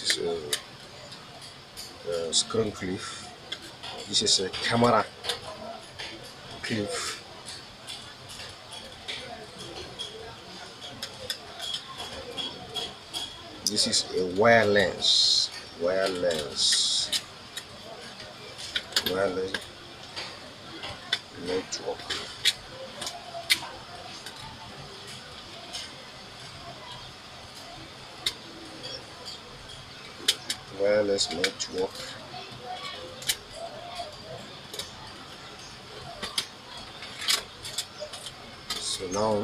this is a, a scrum cliff this is a camera cliff this is a wire lens wire lens wire lens network wireless network so now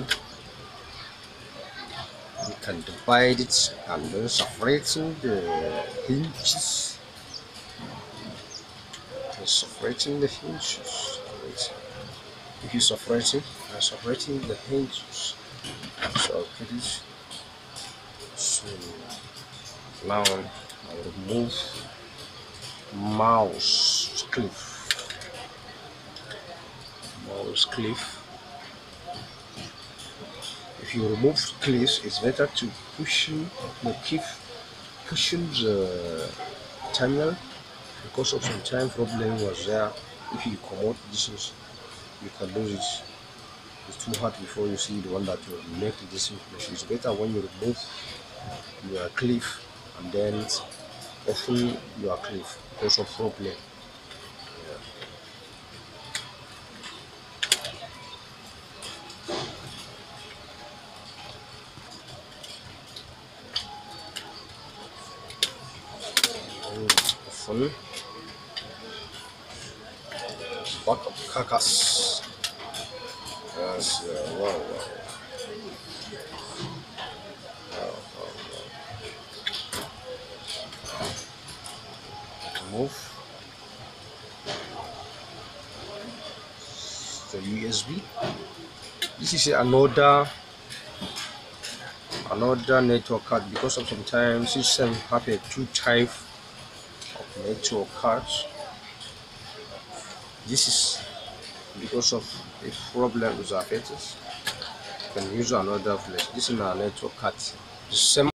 you can divide it and then separating the hinges separating the hinges if you separating and separating the hinges so I'll put it so now I remove mouse cliff mouse cliff if you remove cliff, it's better to cushion the cliff pushing the terminal because of some time problem was there if you out, this is you can lose it it's too hard before you see the one that will make this information it's better when you remove your cliff and then often you are cleave because of role play. back of carcass. Yes, yeah, wow, wow. move the USB this is another another network card because of sometimes system have a two type of network cards this is because of a problem with our you can use another flash this is a network card the same